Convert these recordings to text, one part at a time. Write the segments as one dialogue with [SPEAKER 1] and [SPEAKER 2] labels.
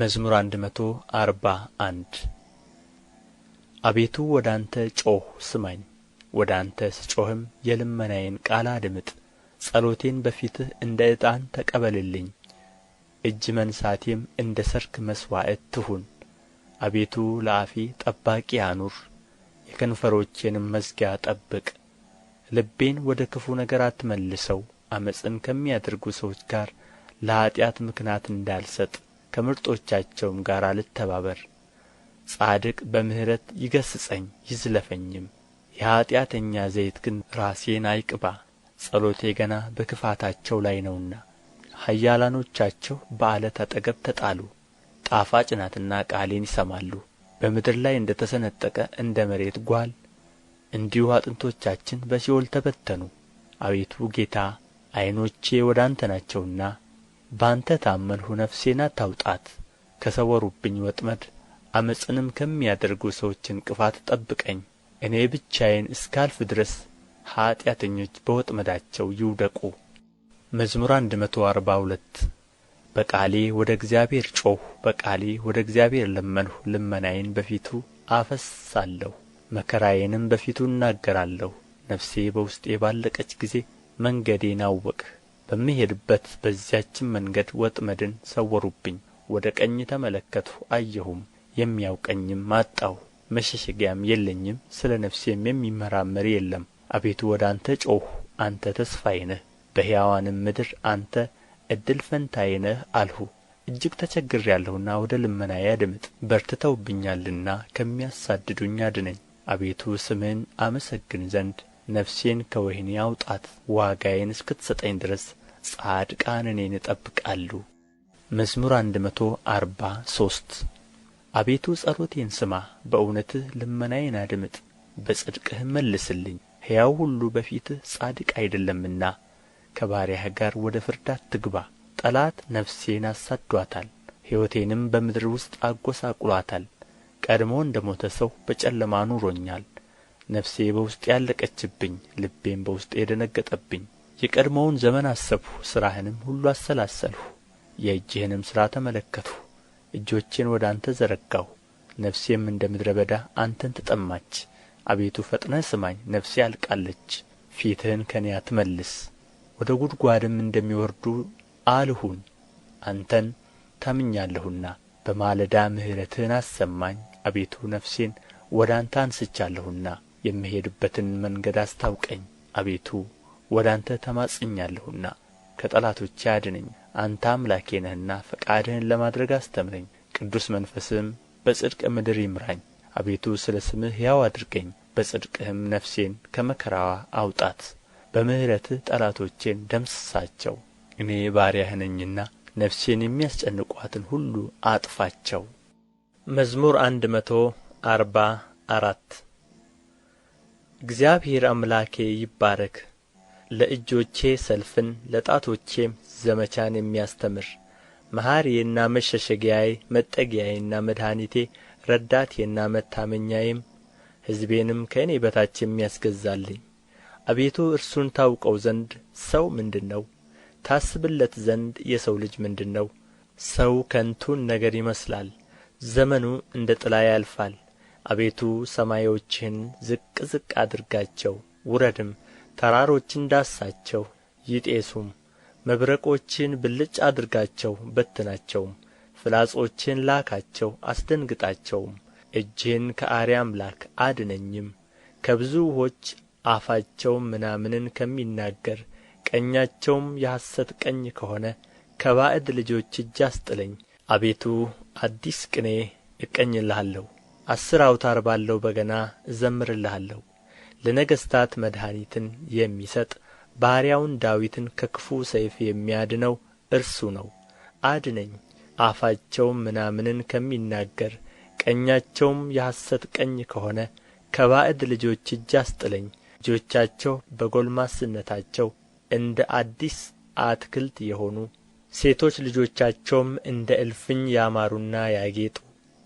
[SPEAKER 1] መዝሙር አንድ መቶ አርባ አንድ አቤቱ ወደ አንተ ጮኽ ስማኝ፣ ወደ አንተ ስጮኽም የልመናዬን ቃል አድምጥ። ጸሎቴን በፊትህ እንደ ዕጣን ተቀበልልኝ፣ እጅ መንሣቴም እንደ ሰርክ መሥዋዕት ትሁን። አቤቱ ለአፌ ጠባቂ አኑር፣ የከንፈሮቼንም መዝጊያ ጠብቅ። ልቤን ወደ ክፉ ነገር አትመልሰው፣ ዓመፅን ከሚያደርጉ ሰዎች ጋር ለኀጢአት ምክንያት እንዳልሰጥ ከምርጦቻቸውም ጋር አልተባበር ጻድቅ በምሕረት ይገስጸኝ ይዝለፈኝም የኃጢአተኛ ዘይት ግን ራሴን አይቅባ ጸሎቴ ገና በክፋታቸው ላይ ነውና ኃያላኖቻቸው በዓለት አጠገብ ተጣሉ ጣፋጭ ናትና ቃሌን ይሰማሉ በምድር ላይ እንደ ተሰነጠቀ እንደ መሬት ጓል እንዲሁ አጥንቶቻችን በሲኦል ተበተኑ አቤቱ ጌታ ዐይኖቼ ወደ አንተ ናቸውና በአንተ ታመንሁ ነፍሴን አታውጣት ከሰወሩብኝ ወጥመድ አመፅንም ከሚያደርጉ ሰዎች እንቅፋት ጠብቀኝ እኔ ብቻዬን እስካልፍ ድረስ ኀጢአተኞች በወጥመዳቸው ይውደቁ መዝሙር አንድ መቶ አርባ ሁለት በቃሌ ወደ እግዚአብሔር ጮኽሁ በቃሌ ወደ እግዚአብሔር ለመንሁ ልመናዬን በፊቱ አፈስሳለሁ መከራዬንም በፊቱ እናገራለሁ ነፍሴ በውስጤ ባለቀች ጊዜ መንገዴን አወቅህ በምሄድበት በዚያችን መንገድ ወጥመድን ሰወሩብኝ ወደ ቀኝ ተመለከትሁ አየሁም የሚያውቀኝም አጣሁ መሸሸጊያም የለኝም ስለ ነፍሴም የሚመራመር የለም አቤቱ ወደ አንተ ጮኽሁ አንተ ተስፋዬ ነህ በሕያዋንም ምድር አንተ እድል ፈንታዬ ነህ አልሁ እጅግ ተቸግሬአለሁና ወደ ልመናዬ አድምጥ በርትተውብኛልና ከሚያሳድዱኝ አድነኝ አቤቱ ስምህን አመሰግን ዘንድ ነፍሴን ከወህኒ አውጣት ዋጋዬን እስክትሰጠኝ ድረስ ጻድቃን እኔን ይጠብቃሉ። መዝሙር አንድ መቶ አርባ ሶስት አቤቱ ጸሎቴን ስማ፣ በእውነትህ ልመናዬን አድምጥ፣ በጽድቅህም መልስልኝ። ሕያው ሁሉ በፊትህ ጻድቅ አይደለምና ከባሪያህ ጋር ወደ ፍርድ አትግባ። ጠላት ነፍሴን አሳዷታል፣ ሕይወቴንም በምድር ውስጥ አጐሳቁሏታል። ቀድሞ እንደ ሞተ ሰው በጨለማ ኑሮኛል። ነፍሴ በውስጤ ያለቀችብኝ፣ ልቤም በውስጤ የደነገጠብኝ። የቀድሞውን ዘመን አሰብሁ ሥራህንም ሁሉ አሰላሰልሁ የእጅህንም ሥራ ተመለከትሁ እጆቼን ወደ አንተ ዘረጋሁ ነፍሴም እንደ ምድረ በዳ አንተን ተጠማች አቤቱ ፈጥነህ ስማኝ ነፍሴ አልቃለች ፊትህን ከኔ አትመልስ ወደ ጉድጓድም እንደሚወርዱ አልሁን አንተን ታምኛለሁና በማለዳ ምሕረትህን አሰማኝ አቤቱ ነፍሴን ወደ አንተ አንስቻለሁና የምሄድበትን መንገድ አስታውቀኝ አቤቱ ወደ አንተ ተማጽኛለሁና ከጠላቶቼ አድነኝ አንተ አምላኬ ነህና ፈቃድህን ለማድረግ አስተምረኝ ቅዱስ መንፈስህም በጽድቅ ምድር ይምራኝ አቤቱ ስለ ስምህ ሕያው አድርገኝ በጽድቅህም ነፍሴን ከመከራዋ አውጣት በምሕረትህ ጠላቶቼን ደምስሳቸው እኔ ባሪያህ ነኝና ነፍሴን የሚያስጨንቋትን ሁሉ አጥፋቸው መዝሙር አንድ መቶ አርባ አራት እግዚአብሔር አምላኬ ይባረክ ለእጆቼ ሰልፍን ለጣቶቼም ዘመቻን የሚያስተምር መሐሪዬና መሸሸጊያዬ መጠጊያዬና መድኃኒቴ ረዳቴና መታመኛዬም ሕዝቤንም ከእኔ በታች የሚያስገዛልኝ አቤቱ እርሱን ታውቀው ዘንድ ሰው ምንድን ነው ታስብለት ዘንድ የሰው ልጅ ምንድን ነው ሰው ከንቱን ነገር ይመስላል ዘመኑ እንደ ጥላ ያልፋል አቤቱ ሰማዮችህን ዝቅ ዝቅ አድርጋቸው ውረድም ተራሮችን ዳሳቸው ይጤሱም መብረቆችን ብልጭ አድርጋቸው በትናቸውም ፍላጾችን ላካቸው አስደንግጣቸውም እጅህን ከአርያም ላክ አድነኝም ከብዙ ውኆች አፋቸውም ምናምንን ከሚናገር ቀኛቸውም የሐሰት ቀኝ ከሆነ ከባዕድ ልጆች እጅ አስጥለኝ አቤቱ አዲስ ቅኔ እቀኝልሃለሁ አስር አውታር ባለው በገና እዘምርልሃለሁ ለነገሥታት መድኃኒትን የሚሰጥ ባሪያውን ዳዊትን ከክፉ ሰይፍ የሚያድነው እርሱ ነው አድነኝ አፋቸውም ምናምንን ከሚናገር ቀኛቸውም የሐሰት ቀኝ ከሆነ ከባዕድ ልጆች እጅ አስጥለኝ ልጆቻቸው በጎልማስነታቸው እንደ አዲስ አትክልት የሆኑ ሴቶች ልጆቻቸውም እንደ እልፍኝ ያማሩና ያጌጡ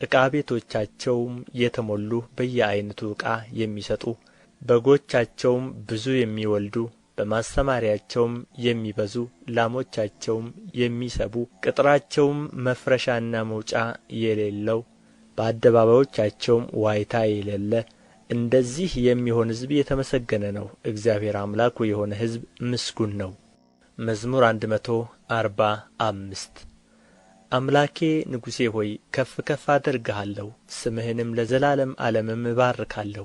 [SPEAKER 1] ዕቃ ቤቶቻቸውም የተሞሉ በየዐይነቱ ዕቃ የሚሰጡ በጎቻቸውም ብዙ የሚወልዱ በማሰማርያቸውም የሚበዙ ላሞቻቸውም የሚሰቡ ቅጥራቸውም መፍረሻና መውጫ የሌለው በአደባባዮቻቸውም ዋይታ የሌለ እንደዚህ የሚሆን ሕዝብ የተመሰገነ ነው እግዚአብሔር አምላኩ የሆነ ሕዝብ ምስጉን ነው መዝሙር አንድ መቶ አርባ አምስት አምላኬ ንጉሴ ሆይ ከፍ ከፍ አደርግሃለሁ ስምህንም ለዘላለም ዓለምም እባርካለሁ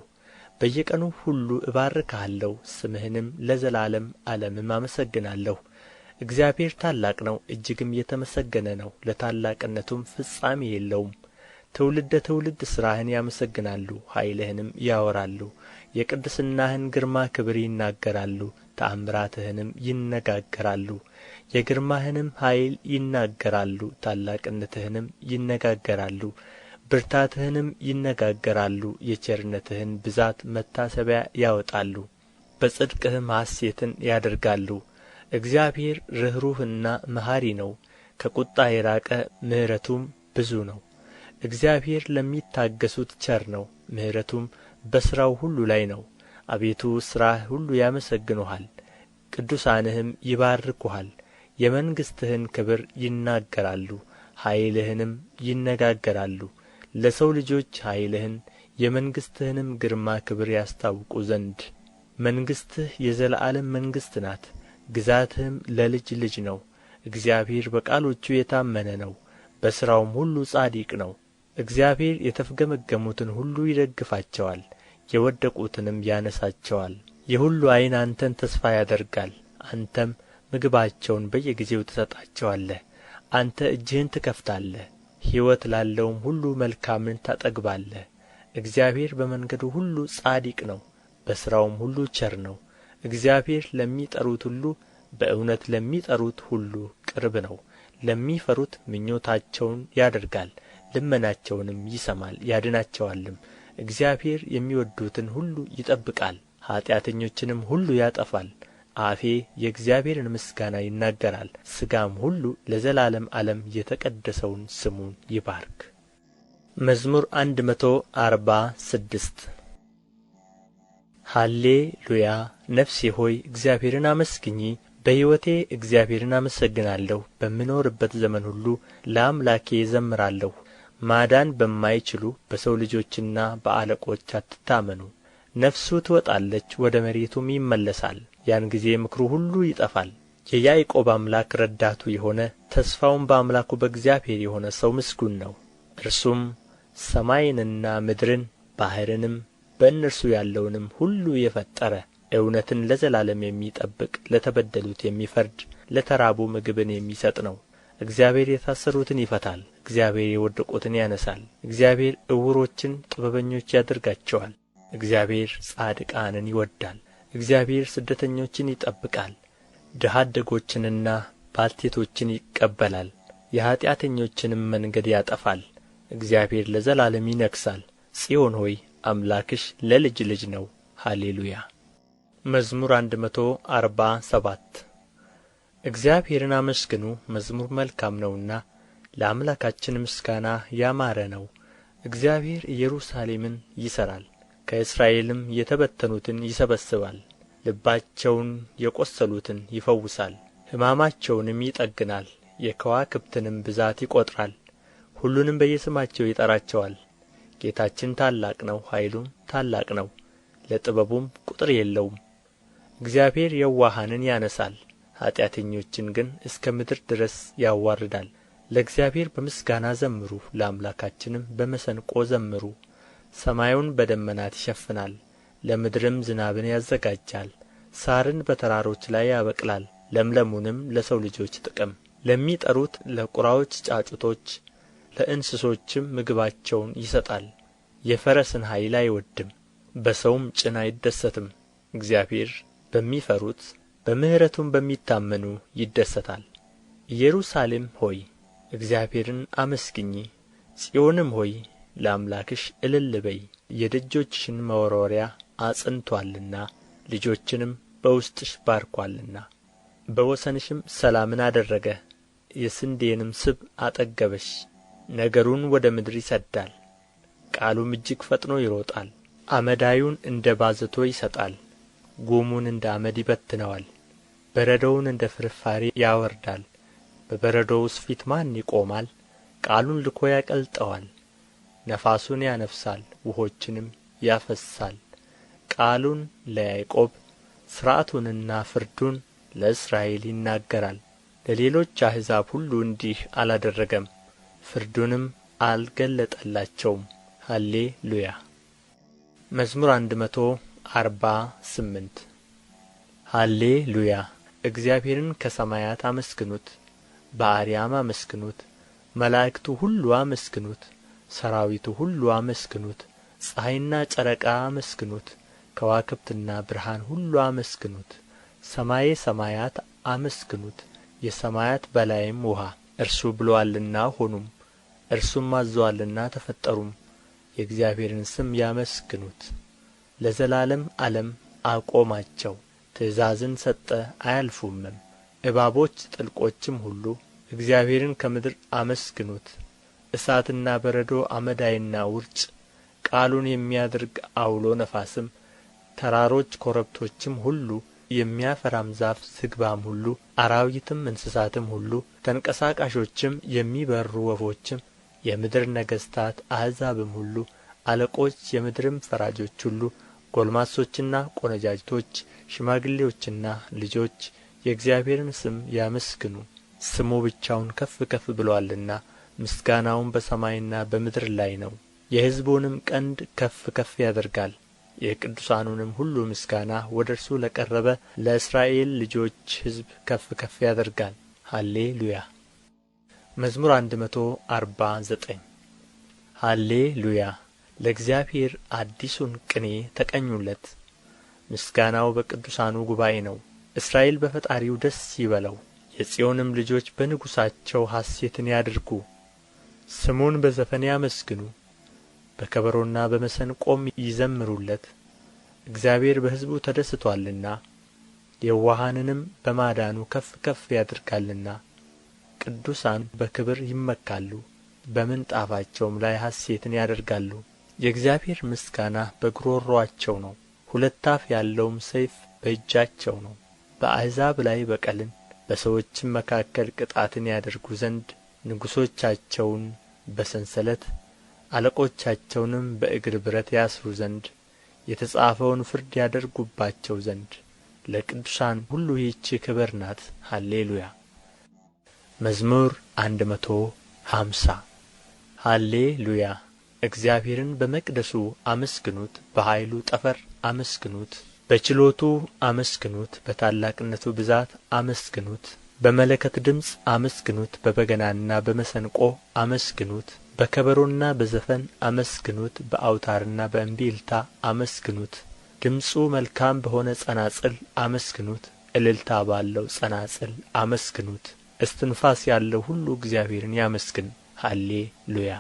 [SPEAKER 1] በየቀኑ ሁሉ እባርክሃለሁ ስምህንም ለዘላለም ዓለምም አመሰግናለሁ እግዚአብሔር ታላቅ ነው እጅግም የተመሰገነ ነው ለታላቅነቱም ፍጻሜ የለውም ትውልደ ትውልድ ሥራህን ያመሰግናሉ ኃይልህንም ያወራሉ የቅድስናህን ግርማ ክብር ይናገራሉ ተአምራትህንም ይነጋገራሉ የግርማህንም ኃይል ይናገራሉ ታላቅነትህንም ይነጋገራሉ ብርታትህንም ይነጋገራሉ የቸርነትህን ብዛት መታሰቢያ ያወጣሉ በጽድቅህም ሐሴትን ያደርጋሉ እግዚአብሔር ርኅሩህና መሐሪ ነው ከቁጣ የራቀ ምሕረቱም ብዙ ነው እግዚአብሔር ለሚታገሱት ቸር ነው ምሕረቱም በሥራው ሁሉ ላይ ነው አቤቱ ሥራህ ሁሉ ያመሰግኑሃል ቅዱሳንህም ይባርኩሃል የመንግሥትህን ክብር ይናገራሉ ኃይልህንም ይነጋገራሉ ለሰው ልጆች ኃይልህን የመንግሥትህንም ግርማ ክብር ያስታውቁ ዘንድ መንግሥትህ የዘላለም መንግሥት ናት፣ ግዛትህም ለልጅ ልጅ ነው። እግዚአብሔር በቃሎቹ የታመነ ነው፣ በሥራውም ሁሉ ጻድቅ ነው። እግዚአብሔር የተፍገመገሙትን ሁሉ ይደግፋቸዋል፣ የወደቁትንም ያነሳቸዋል። የሁሉ ዐይን አንተን ተስፋ ያደርጋል፣ አንተም ምግባቸውን በየጊዜው ትሰጣቸዋለህ። አንተ እጅህን ትከፍታለህ ሕይወት ላለውም ሁሉ መልካምን ታጠግባለህ እግዚአብሔር በመንገዱ ሁሉ ጻድቅ ነው በሥራውም ሁሉ ቸር ነው እግዚአብሔር ለሚጠሩት ሁሉ በእውነት ለሚጠሩት ሁሉ ቅርብ ነው ለሚፈሩት ምኞታቸውን ያደርጋል ልመናቸውንም ይሰማል ያድናቸዋልም እግዚአብሔር የሚወዱትን ሁሉ ይጠብቃል ኀጢአተኞችንም ሁሉ ያጠፋል አፌ የእግዚአብሔርን ምስጋና ይናገራል ሥጋም ሁሉ ለዘላለም ዓለም የተቀደሰውን ስሙን ይባርክ መዝሙር መቶ አርባ ስድስት ሃሌ ሉያ ነፍሴ ሆይ እግዚአብሔርን አመስግኚ በሕይወቴ እግዚአብሔርን አመሰግናለሁ በምኖርበት ዘመን ሁሉ ለአምላኬ ዘምራለሁ ማዳን በማይችሉ በሰው ልጆችና በአለቆች አትታመኑ ነፍሱ ትወጣለች ወደ መሬቱም ይመለሳል ያን ጊዜ ምክሩ ሁሉ ይጠፋል የያዕቆብ አምላክ ረዳቱ የሆነ ተስፋውም በአምላኩ በእግዚአብሔር የሆነ ሰው ምስጉን ነው። እርሱም ሰማይንና ምድርን ባሕርንም በእነርሱ ያለውንም ሁሉ የፈጠረ እውነትን ለዘላለም የሚጠብቅ ለተበደሉት የሚፈርድ ለተራቡ ምግብን የሚሰጥ ነው። እግዚአብሔር የታሰሩትን ይፈታል፣ እግዚአብሔር የወደቁትን ያነሳል። እግዚአብሔር ዕውሮችን ጥበበኞች ያደርጋቸዋል። እግዚአብሔር ጻድቃንን ይወዳል እግዚአብሔር ስደተኞችን ይጠብቃል ድሀ አደጎችንና ባልቴቶችን ይቀበላል የኀጢአተኞችንም መንገድ ያጠፋል እግዚአብሔር ለዘላለም ይነግሣል ጽዮን ሆይ አምላክሽ ለልጅ ልጅ ነው ሃሌሉያ መዝሙር አንድ መቶ አርባ ሰባት እግዚአብሔርን አመስግኑ መዝሙር መልካም ነውና ለአምላካችን ምስጋና ያማረ ነው እግዚአብሔር ኢየሩሳሌምን ይሠራል ከእስራኤልም የተበተኑትን ይሰበስባል ልባቸውን የቈሰሉትን ይፈውሳል ሕማማቸውንም ይጠግናል የከዋክብትንም ብዛት ይቈጥራል ሁሉንም በየስማቸው ይጠራቸዋል ጌታችን ታላቅ ነው ኃይሉም ታላቅ ነው ለጥበቡም ቍጥር የለውም እግዚአብሔር የዋሃንን ያነሣል ኀጢአተኞችን ግን እስከ ምድር ድረስ ያዋርዳል ለእግዚአብሔር በምስጋና ዘምሩ ለአምላካችንም በመሰንቆ ዘምሩ ሰማዩን በደመናት ይሸፍናል ለምድርም ዝናብን ያዘጋጃል ሳርን በተራሮች ላይ ያበቅላል ለምለሙንም ለሰው ልጆች ጥቅም ለሚጠሩት ለቁራዎች ጫጩቶች ለእንስሶችም ምግባቸውን ይሰጣል የፈረስን ኃይል አይወድም በሰውም ጭን አይደሰትም እግዚአብሔር በሚፈሩት በምሕረቱም በሚታመኑ ይደሰታል ኢየሩሳሌም ሆይ እግዚአብሔርን አመስግኚ ጽዮንም ሆይ ለአምላክሽ እልል በዪ የደጆችሽን መወርወሪያ አጽንቶአልና ልጆችንም በውስጥሽ ባርኳልና በወሰንሽም ሰላምን አደረገ የስንዴንም ስብ አጠገበሽ ነገሩን ወደ ምድር ይሰዳል? ቃሉም እጅግ ፈጥኖ ይሮጣል አመዳዩን እንደ ባዘቶ ይሰጣል ጉሙን እንደ አመድ ይበትነዋል በረዶውን እንደ ፍርፋሪ ያወርዳል በበረዶውስ ፊት ማን ይቆማል ቃሉን ልኮ ያቀልጠዋል ነፋሱን ያነፍሳል ውኆችንም ያፈሳል። ቃሉን ለያዕቆብ ሥርዓቱንና ፍርዱን ለእስራኤል ይናገራል ለሌሎች አሕዛብ ሁሉ እንዲህ አላደረገም ፍርዱንም አልገለጠላቸውም ሃሌ ሉያ መዝሙር አንድ መቶ አርባ ስምንት ሃሌ ሉያ እግዚአብሔርን ከሰማያት አመስግኑት በአርያም አመስግኑት መላእክቱ ሁሉ አመስግኑት ሰራዊቱ ሁሉ አመስግኑት ፀሐይና ጨረቃ አመስግኑት ከዋክብትና ብርሃን ሁሉ አመስግኑት ሰማየ ሰማያት አመስግኑት የሰማያት በላይም ውሃ እርሱ ብሎአልና ሆኑም እርሱም አዝዞአልና ተፈጠሩም የእግዚአብሔርን ስም ያመስግኑት ለዘላለም ዓለም አቆማቸው ትእዛዝን ሰጠ አያልፉምም እባቦች ጥልቆችም ሁሉ እግዚአብሔርን ከምድር አመስግኑት እሳትና በረዶ አመዳይና ውርጭ ቃሉን የሚያደርግ አውሎ ነፋስም ተራሮች ኮረብቶችም ሁሉ የሚያፈራም ዛፍ ዝግባም ሁሉ አራዊትም እንስሳትም ሁሉ ተንቀሳቃሾችም የሚበሩ ወፎችም የምድር ነገሥታት አሕዛብም ሁሉ አለቆች የምድርም ፈራጆች ሁሉ ጎልማሶችና ቆነጃጅቶች ሽማግሌዎችና ልጆች የእግዚአብሔርን ስም ያመስግኑ ስሙ ብቻውን ከፍ ከፍ ብሎአልና ምስጋናውም በሰማይና በምድር ላይ ነው የሕዝቡንም ቀንድ ከፍ ከፍ ያደርጋል የቅዱሳኑንም ሁሉ ምስጋና ወደ እርሱ ለቀረበ ለእስራኤል ልጆች ሕዝብ ከፍ ከፍ ያደርጋል። ሃሌ ሉያ። መዝሙር አንድ መቶ አርባ ዘጠኝ ሃሌ ሉያ። ለእግዚአብሔር አዲሱን ቅኔ ተቀኙለት፣ ምስጋናው በቅዱሳኑ ጉባኤ ነው። እስራኤል በፈጣሪው ደስ ይበለው፣ የጽዮንም ልጆች በንጉሣቸው ሐሴትን ያድርጉ። ስሙን በዘፈን ያመስግኑ በከበሮና በመሰንቆም ይዘምሩለት እግዚአብሔር በሕዝቡ ተደስቶአልና የዋሃንንም በማዳኑ ከፍ ከፍ ያደርጋልና ቅዱሳን በክብር ይመካሉ በምንጣፋቸውም ላይ ሐሴትን ያደርጋሉ የእግዚአብሔር ምስጋና በግሮሮአቸው ነው ሁለት አፍ ያለውም ሰይፍ በእጃቸው ነው በአሕዛብ ላይ በቀልን በሰዎችም መካከል ቅጣትን ያደርጉ ዘንድ ንጉሶቻቸውን በሰንሰለት አለቆቻቸውንም በእግር ብረት ያስሩ ዘንድ የተጻፈውን ፍርድ ያደርጉባቸው ዘንድ ለቅዱሳን ሁሉ ይህች ክብር ናት ሃሌሉያ። ሉያ መዝሙር አንድ መቶ ሃምሳ ሃሌ እግዚአብሔርን በመቅደሱ አመስግኑት በኃይሉ ጠፈር አመስግኑት በችሎቱ አመስግኑት በታላቅነቱ ብዛት አመስግኑት በመለከት ድምፅ አመስግኑት፣ በበገናና በመሰንቆ አመስግኑት፣ በከበሮና በዘፈን አመስግኑት፣ በአውታርና በእምቢልታ አመስግኑት። ድምፁ መልካም በሆነ ጸናጽል አመስግኑት፣ እልልታ ባለው ጸናጽል አመስግኑት። እስትንፋስ ያለው ሁሉ እግዚአብሔርን ያመስግን። ሃሌ ሉያ